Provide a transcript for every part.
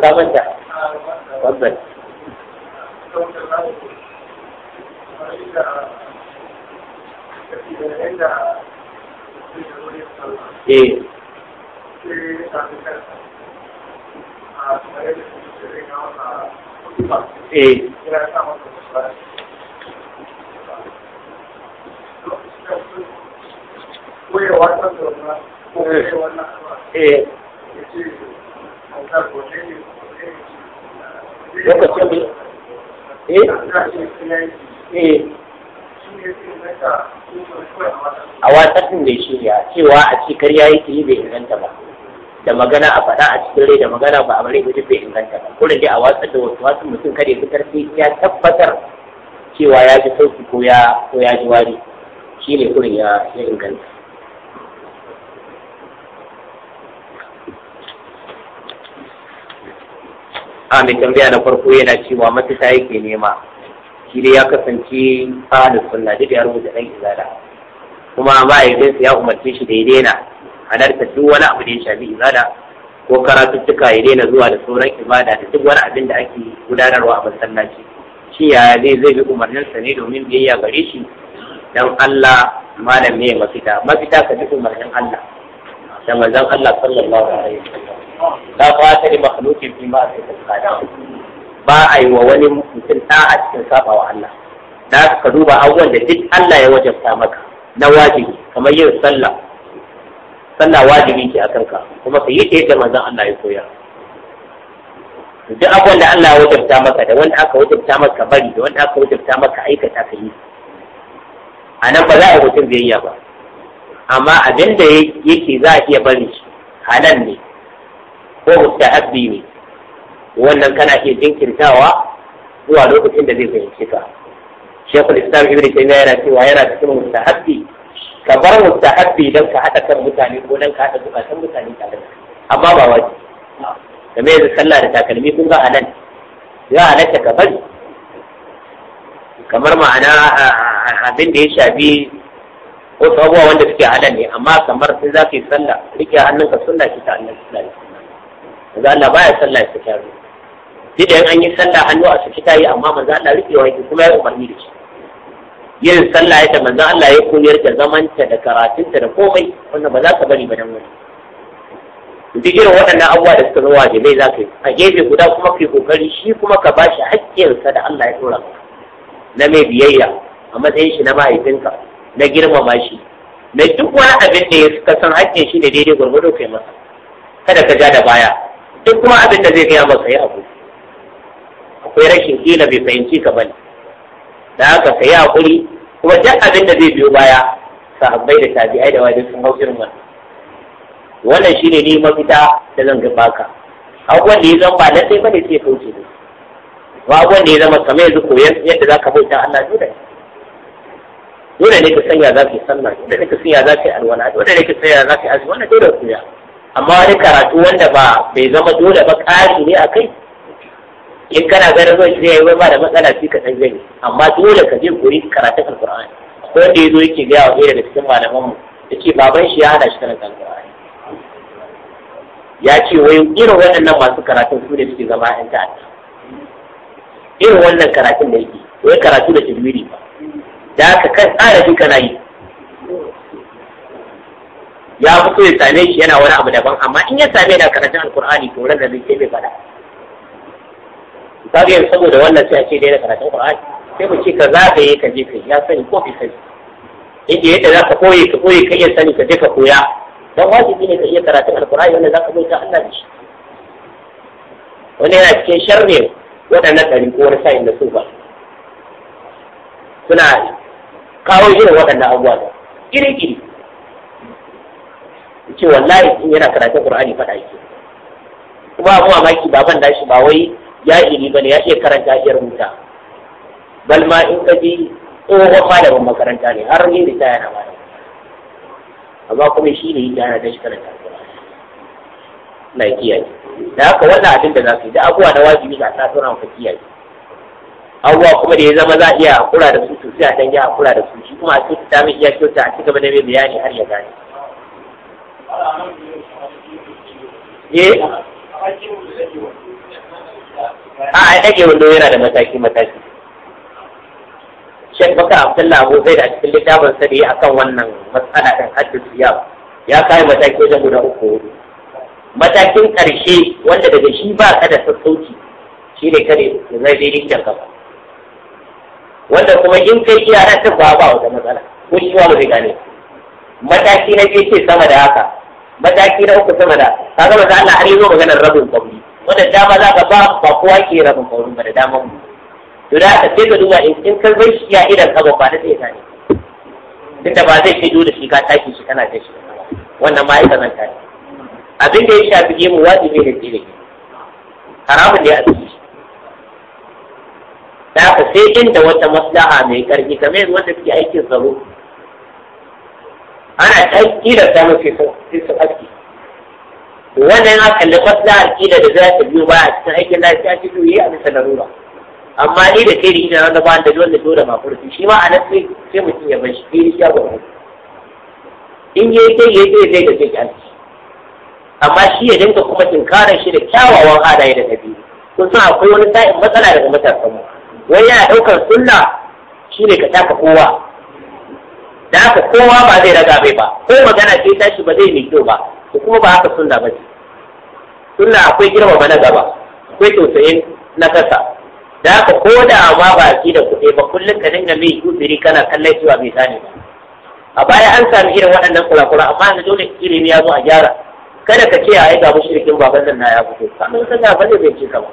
مكافأة تفضل ايه ايه ايه lokacin ne eh? eh a watsafin da shirya cewa a ce karya yake yi bai inganta ba da magana a faɗa a cikin rai da magana ba a bari ba bai inganta ba kuma dai a watsar da wasu wasu mutum kada ya fitar ya tabbatar cewa ya ji sauki ko ya ko ji wari shine kurin ya inganta a mai tambaya na farko yana cewa mafita yake nema shi dai ya kasance ahalin sunna duk ya rubuta dan izala kuma ma'aikinsa ya umarce shi da ya daina halarta duk wani abu da ya shafi izala ko karatuttuka ya daina zuwa da sauran ibada da duk wani abin da ake gudanarwa a masallaci shi ya zai zai bi umarninsa ne domin biyayya gare shi dan Allah malam ne mafita mafita ka bi umarnin Allah da manzon Allah sallallahu alaihi wasallam ba ta da makhluki fi sai khaliq ba a yi wa wani mutum ta a cikin saba wa Allah da ka duba abubuwan da duk Allah ya wajabta maka na wajibi kamar yin sallah sallah wajibi ke akan ka kuma ka yi ɗaya da manzon Allah ya koya duk abubuwan da Allah ya wajabta maka da wanda aka wajabta maka bari da wanda aka wajabta maka aikata ka yi a nan ba za a mutum biyayya ba amma abin da yake za a iya bari shi nan ne ko mustahabbi ne wannan kana iya jinkirtawa zuwa lokacin da zai fahimci ka shekul islam ibn taymiya yana cewa yana cikin mustahabbi ka bar mustahabbi don ka haɗa kan mutane ko don ka haɗa bukatun mutane tare da amma ba wajibi game da sallah da takalmi kun ga anan ya halatta ka bari kamar ma'ana abin da ya shafi wasu abubuwa wanda suke halal ne amma kamar sai za ka yi sallah rike hannunka sunna ki ta annabi sallallahu alaihi manzo Allah baya sallah ya saki hannu sai an yi sallah hannu a saki yi amma manzo Allah wa yake kuma ya umarni da shi yin sallah yadda manzo Allah ya koyar da zamanta da karatunta da komai wannan ba za ka bari ba dan wani duk irin waɗannan abubuwa da suka zo wajibai za ka yi a gefe guda kuma yi kokari shi kuma ka ba shi haƙƙinsa da Allah ya ɗora na mai biyayya a matsayin shi na mahaifinka na girmama shi na duk wani abin da ya san haƙƙin shi da daidai gwargwado kai masa kada ka ja da baya duk kuma abin da zai gaya masa ya abu akwai rashin kila bai fahimci ka bane da haka ka yi hakuri kuma duk abin da zai biyo baya sahabbai da tabi'ai da wajen sun hau irin wannan wannan shine ni mafita da zan gaba ka abubuwan da ya zama ba lallai bane sai ya kauce ne. ba abubuwan da ya zama kamar yanzu koyon yadda za ka bauta Allah dole dole ne ka sanya za ka yi dole ne ka sanya za ka yi alwala dole ne ka sanya za ka yi azumi wannan dole ku ya amma wani karatu wanda ba bai zama dole ba ƙari ne a kai in kana ganin zai shirya yi ba da matsala fi kaɗan gani amma dole ka je guri karatun alƙur'ani akwai wanda ya zo yake gaya wa ɗaya da cikin malamanmu ya ce baban shi ya hana shi karanta alƙur'ani ya ce wai irin waɗannan masu karatun su ne suke zama 'yan ta'adda irin wannan karatun da yake wai karatu da tajwidi ba da haka kan tsara shi kana yi ya fito ya same shi yana wani abu daban amma in ya same da karatun alkur'ani to ran da zai ce bai fada misali yanzu saboda wannan sai a ce dai da karatun alkur'ani sai mu ce ka zagaye ka je kai ya sani ko fi sani yadda yadda za ka koye ka koye ka iya sani ka je ka koya dan wajibi ne ka iya karatun alkur'ani wanda za ka ta Allah da shi Wani yana cikin sharri waɗannan ɗari ko wani sa'in da su ba suna kawo irin waɗannan abubuwa iri-iri ce wallahi in yana karatun qur'ani faɗa yake kuma abu mamaki baban nashi ba wai ya iri bane ya iya karanta ya rubuta bal ma in ka ji tsohon malamin makaranta ne har ni da yana malam amma kuma shi ne yana da shi karanta na kiyaye da haka wannan abin da za su yi da abuwa na wajibi da ta tona ka kiyaye abubuwa kuma da ya zama za a iya hakura da su sosai a dan ya hakura da su shi kuma a cikin ta mai iya kyauta a cigaba da mai bayani har ya gane a a ɗage wando yana da mataki mataki Sheikh Bakar Abdullah Abu zai da cikin littafin sa da yi akan wannan matsala kan hajjus ya ya kai mataki wajen guda uku matakin ƙarshe wanda daga shi ba ka da sassauci shi ne kare da zai daidai rikin gaba wanda kuma in kai iya na ta ba wata matsala ko shi ba mu zai gane mataki na biyu ce sama da haka mataki na uku sama da ka kaga manzo Allah har zo maganar rabin kwamni wannan dama za ka ba ba kowa ke rabin kwamni ba da daman mu to da aka sai ka duba in ka bai shi ya idan ka ba da sai ka ne tunda ba zai shaidu da shi ka taki shi kana ta shi wannan ma ita zan ne abin da ya shafi gemu wajibi ne da ke haramun ne a cikin shi da aka sai inda wata maslaha mai karfi kamar yadda wanda suke aikin tsaro ana ta kila ta mafi sun aski wannan ya kalli a kila da za ta biyo baya cikin aikin lafiya ta yi a bisa larura amma ni da kai da ina wanda ba da dole dole ma furfi shi ma a nan sai sai mutum ya bar shi kai ya ba in ya yi kai ya yi zai da zai aski amma shi ya dinka kuma tinkarar shi da kyawawan halaye da dabi'u kun san akwai wani sa'in matsala daga matasan mu wani yana ɗaukar sunna shi ne ka taka kowa da haka kowa ba zai raga bai ba ko magana ce ta shi ba zai mai kyau ba ko kuma ba haka sunna ba ce sunna akwai girmama na gaba akwai tausayin na kasa da haka ko da ma ba ki da kuɗi ba kullum ka dinga mai kuzuri kana kallai cewa bai sani ba a baya an sami irin waɗannan kurakura amma da dole ilimi ya zo a gyara kada ka ce a yi ga shirkin baban nan na ya fito kamar sun ga bane bai ce ka ba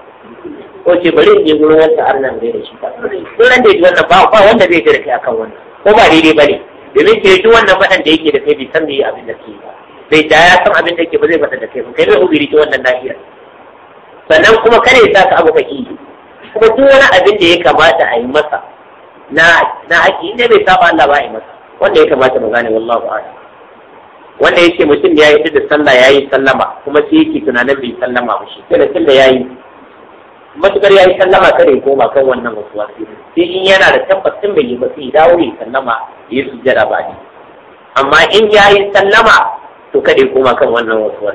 ko ce bari in je gurin wanda har nan bai da shi ba gurin da ji wannan ba wanda zai ji da kai akan wannan ko ba daidai ba ne domin ke duk wannan faɗan da yake da kai bai san me abin da ke ba bai da ya san abin da yake ba zai faɗa da kai ba kai bai ubiri ta wannan lafiya sannan kuma kare sa ka abu kake kuma duk wani abin da ya kamata a yi masa na na haƙi inda bai saba Allah ba a yi masa wanda ya kamata mu gane wallahu a'lam wanda yake mutum da ya yi da sallah ya yi sallama kuma sai yake tunanin bai sallama ba shi kenan tunda ya yi matukar ya yi sallama kada ya koma kan wannan wasu, sai in yana da tabbacin mai yi ba sai dawo ya sallama ya yi sujjada ba ne amma in ya yi sallama to kada ya koma kan wannan wasu.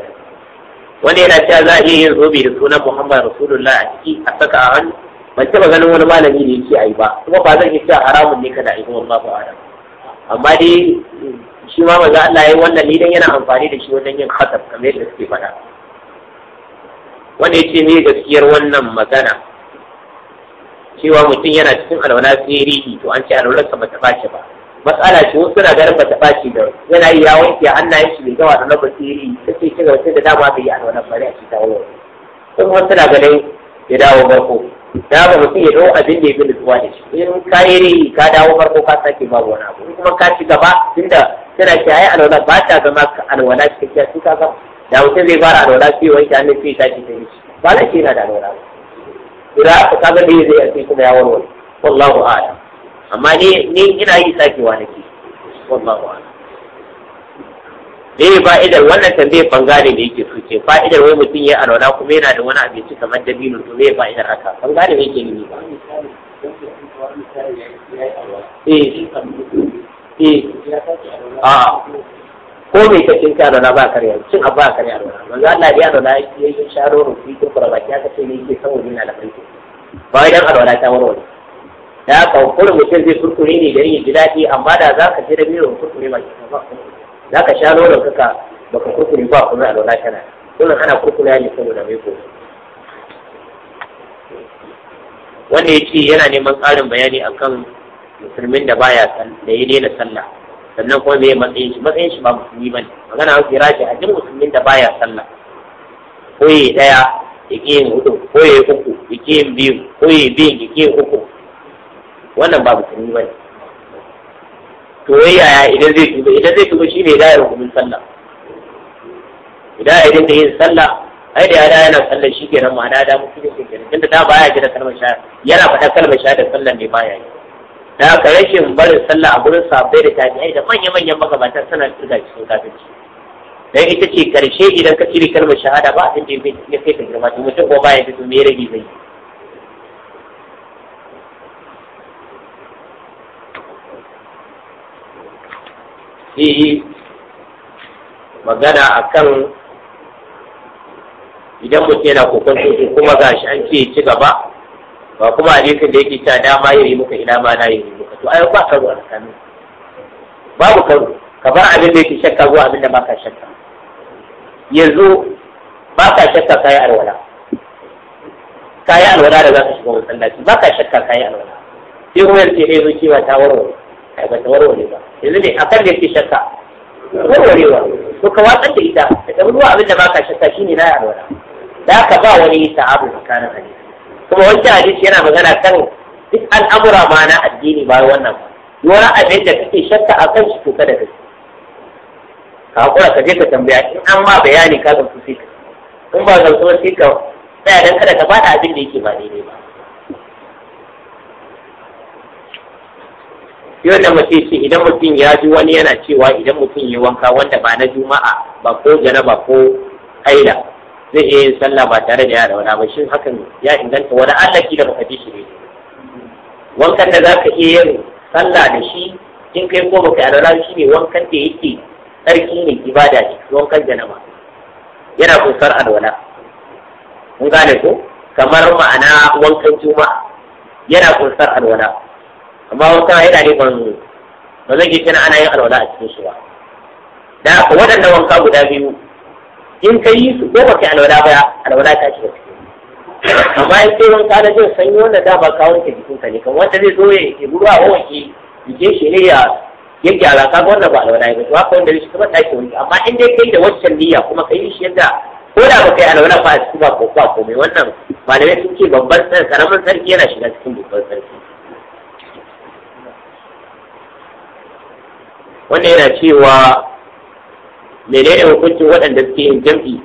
wanda yana cewa za a iya yin zobe da sunan muhammad rasulullah a ciki a saka a hannu ban taba ganin wani malami da yake yi ba kuma ba zan iya cewa haramun ne kada a yi kuma ba adam amma dai shi ma maza Allah ya yi wannan ne dan yana amfani da shi wajen yin khatab kamar yadda suke faɗa wanda yake ne gaskiyar wannan magana cewa mutum yana cikin alwala tsere rihi to an ce alwala ka bata bace ba matsala ce wasu na ganin bata bace da yana yi ya wanke hannayen shi bai gawa da na tsere sai ta ce shiga da dama bai yi alwala ba ne a cikin alwalar sun wasu na ganin ya dawo farko da ba mutum ya dawo abin da ya fi nutsuwa da shi in ka yi rihi ka dawo farko ka sake babu wani abu kuma ka ci gaba tunda tana ce ai alwala ba ta zama alwala cikakkiya sai ka gama da mutum zai fara alwala sai wanke hannun nufi tashi ta yi ba na ce yana da alwala idan aka kaga da zai yi kuma ya warware wallahu a'lam amma ne ni ina yi wa nake wallahu a'lam me idan wannan tambayar bangare ne yake so ke idan wai mutum ya alwala kuma yana da wani abinci kamar dabino to me idan haka bangare ne yake nuni ba eh eh a ah. ko me ka cin ka na ba karya cin abu ba karya na manzo Allah ya da ya yayin sharo rufi ko fara baki aka ce ne yake saboda yana da fanki ba idan alwala ta warware da ka kullum mutum zai kurkure ne da yin ji daɗi amma da za ka je da biyu kurkure ba za ka sharo nonon kaka baka kurkure ba kuma alwala tana kullum ana kurkure ne saboda mai ko wanda ya ce yana neman ƙarin bayani akan musulmin da baya da ya daina sallah sannan kuma me matsayin shi matsayin shi ba musulmi bane magana wuce raji a duk musulmin da baya sallah ko yi daya ya ke yin hudu ko yi uku ya ke yin biyu ko yi biyun ya ke yin uku wannan ba musulmi bane to yaya idan zai tuba idan zai tuba shi da ya hukumin sallah idan ya dinga yin sallah ai da yada yana sallar shi kenan ma'ana da mutum yake kenan tunda da baya jira kalmar shahada yana faɗa kalmar shahada sallar ne baya yi da aka rashin barin sallah a gurin sahabbai da tabi'ai da manya-manyan magabatan suna turga cikin kafirci dan ita ce karshe idan ka cire kalmar shahada ba abin da ya kai ta girma mutum ko baya fito me rage zai yi magana a kan idan mutum yana kokon kuma shi an ce ci gaba ba kuma hadisin da yake cewa dama ya yi muka ina ma na yi muka to ai ba karo a tsakanin babu karo ka bar abin da yake shakka zuwa abin da ba ka shakka yanzu ba ka shakka kayi alwala kayi alwala da za ka shiga masallaci ba ka shakka kayi alwala sai kuma yarce ne zo cewa ta warware kai ba ta warware ba yanzu ne akan da yake shakka warwarewa to ka watsar da ita da ruwa abin da ba ka shakka shine na alwala da ka ba wani ta'abu tsakanin hadisi kuma wancan hadisi yana magana kan duk al'amura ma na addini ba wannan Yawan abin da kake shakka a kan shi to kada ka ka hakura ka je ka tambaya in an ma bayani ka zan kusi ka in ba zan kusi ka tsaya dan kada ka bada abin da yake ba daidai ba yau da mace ce idan mutum ya ji wani yana cewa idan mutum ya wanka wanda ba na juma'a ba ko ba ko haila zai iya yin sallah ba tare da yara wani ba shi hakan ya inganta wani Allah da baka ji shi ne wankan da zaka iya yin sallah da shi in kai ko baka yarda shi ne wankan da yake tsarki ne ibada ne wankan janama yana kusar alwala mun gane ko kamar ma'ana wankan juma'a yana kusar alwala amma wankan yana ne ban ba zai ke ana yin alwala a cikin shi ba da waɗanda waɗannan wanka guda biyu in ka yi su ko ba kai alwala ba alwala ta shiga ciki amma in ce wanka na jin sanyi wanda da ba ka jikin ka ne kan wanda zai zo ya ke ruwa wa wanke jikin shi ne ya yanke alaka wanda ba alwala ba to haka wanda shi kuma take wanke amma in dai kai da waccan niyya kuma ka yi shi yadda ko da ba kai alwala ba a cikin ba ko ba komai wannan malamai sun ce babban sarki karamin sarki yana shiga cikin babban sarki wannan yana cewa menene hukuncin waɗanda suke yin jam'i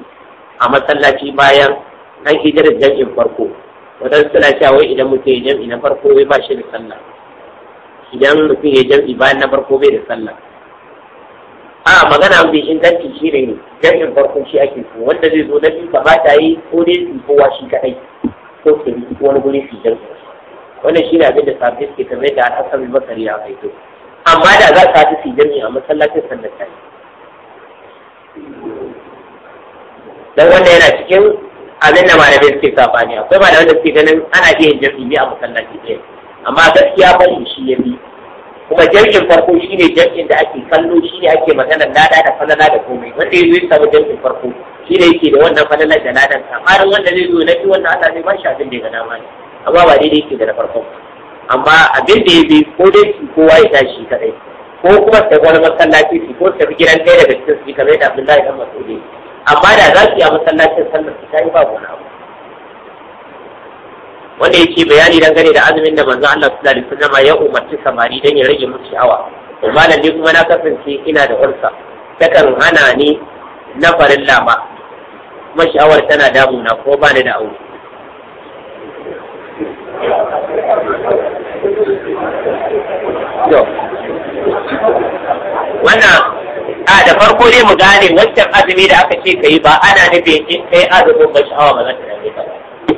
a masallaci bayan an hijirar jam'in farko wadan suna cewa wai idan mutum ya jam'i na farko bai ba shi da sallah idan mutum ya jam'i bayan na farko bai da sallah a magana mai inganci shi ne jam'in farko shi ake so wanda zai zo na biyu ka ba ta yi ko dai su kowa shi kaɗai ko su yi wani guri su jam'i wannan shi ne abin da sabbi suke kamar da al'asar basari a haito amma da za su fi su jam'i a masallacin sallah ta yi dan wanda yana cikin abin da malamai suke safani akwai malamai da suke ganin ana iya yin jami'i a masallaci ɗaya amma gaskiya bari shi ya bi kuma jami'in farko shi ne jami'in da ake kallo shi ne ake maganar lada da falala da komai wanda ya zo ya samu jami'in farko shi ne yake da wannan falala da Amma kamar wanda zai zo na fi wannan Allah zai ba shi abin da ya gana dama ne amma ba daidai yake da na farko amma abin da ya bi ko dai kowa ya tashi kadai ko kuma sai wani masallaci su ko tafi gidan ɗaya daga cikin su kamar yadda Abdullahi dan Masudi amma da za su yi a masallacin sallar su ta yi babu wani abu wanda yake bayani gane da azumin da manzon Allah sallallahu alaihi wasallam ya umarci samari dan ya rage musu sha'awa amma malam ne kuma na kasance ina da ulsa takan hana ni na farin lama kuma sha'awar tana damuna ko ba ni da aure Yo. wannan a da farko dai mu gane wancan azumi da aka ce ka yi ba ana nufin in kai azumin ba sha'awa ba za ta dame ka ba da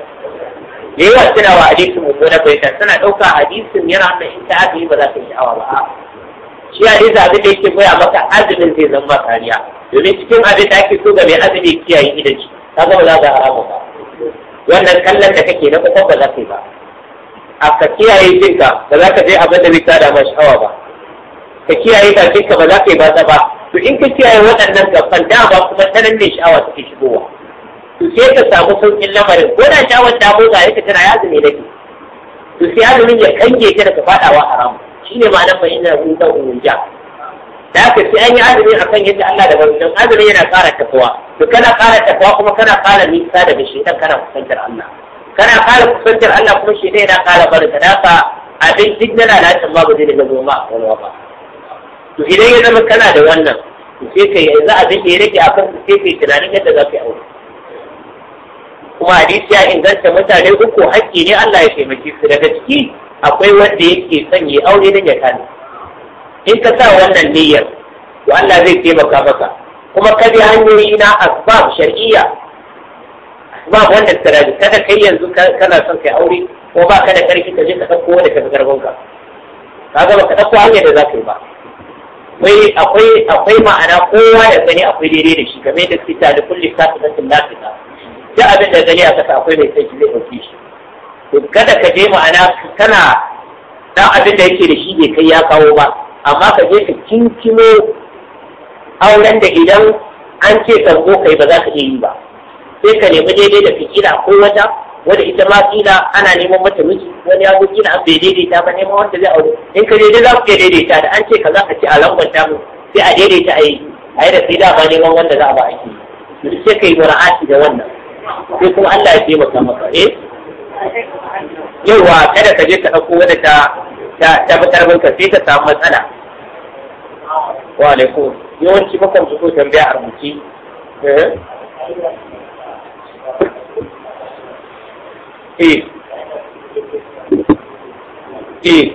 yawa suna wa hadisin na baita suna ɗauka hadisin yana nuna in ta azumi ba za ta yi sha'awa ba shi hadisi abin da yake koya maka azumin zai zama kariya domin cikin abin da ake so ga mai azumi kiyaye idan shi ka ga ba za ka haramu ba wannan kallon da kake na kusan ba za ka yi ba a ka kiyaye jinka ba za ka je abin da bai tada ma sha'awa ba ka kiyaye bakin ka ba za ka yi batsa ba to in ka kiyaye waɗannan gaban ba kuma ta ne sha'awa suke shigowa to sai ka samu sauƙin lamarin ko da sha'awar ta motsa ita tana ya azumi nake to sai azumin ya kange ta daga faɗawa haramu shine ma'anar fa inna hu da uja da haka sai an yi azumi akan yadda Allah da manzon azumi yana ƙara tafiwa. to kana ƙara tafiwa kuma kana ƙara nisa daga shaitan kana kusantar Allah kana ƙara kusantar Allah kuma shaitan yana ƙara barka da ka? abin duk na lalacin ma ba zai daga zoma a wani ba to idan ya zama kana da wannan to sai ka yi za a da ya rage a kan sai ka yi tunanin yadda za ka yi aure kuma hadisi ya inganta mutane uku haƙƙi ne Allah ya taimake su daga ciki akwai wanda yake son ya aure nan ya kana in ka sa wannan niyyar to Allah zai taimaka maka kuma ka bi hanyoyi na asbab shar'iyya ba wannan tsirabi kada kai yanzu kana son kai aure ko ba ka da karfi ka je ka ɗauko wanda ka fi karfin ka gama ba ka ɗauko hanyar da za ka yi ba akwai akwai akwai ma'ana kowa ya gani akwai daidai da shi game yadda suke da kulli kafiratun lafiya. duk abin da gani a kasa akwai mai sai zai dauke shi to kada ka je ma'ana kana dan abin da yake da shi bai kai ya kawo ba amma ka je ka kinkimo auren da idan an ce karbo kai ba za ka iya yi ba sai ka nemi daidai da fikira ko wata wanda ita ma kila ana neman mata miji wani ya gudu kila an bai daidaita ba neman wanda zai aure in ka daidai za ku ke daidaita da an ce ka za a ce a lambanta mu sai a daidaita a yi a yi da sai dama neman wanda za a ba ake yi sai ka yi mura'ati da wannan sai kuma Allah ya taimaka maka eh yawa kada ka je ka ɗauko wadda ta ta bi ka sai ka samu matsala wa alaikum yawanci mukan fito tambaya a rubuce eh? eh eh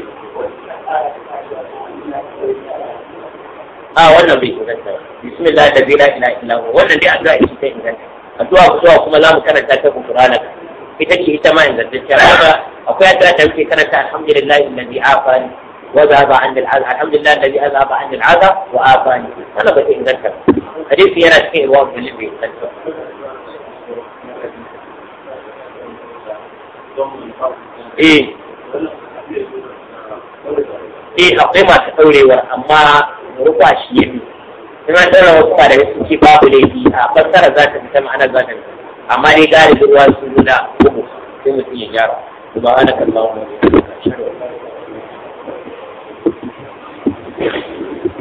a wannan bai inganta bismillah da zai la ila illa wannan dai addu'a ita ta inganta addu'a ku zuwa kuma zamu karanta ta Qur'ana ita ce ita ma ingantacciyar haka akwai addu'a da muke karanta alhamdulillah allazi afani wa zaba an al'azab alhamdulillah allazi azaba an al'azab wa afani wannan ba ta inganta hadisi yana cikin ruwan bulli bai eh eh akwai masu ɗaurewar amma rufa shi ya bi an wasu ba daga sun ce babu laifi a fassara za ta fita ma'anar za ta fita amma dai gari da ruwa sun nuna kuma sai mutum ya gyara kuma ana kallon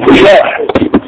wani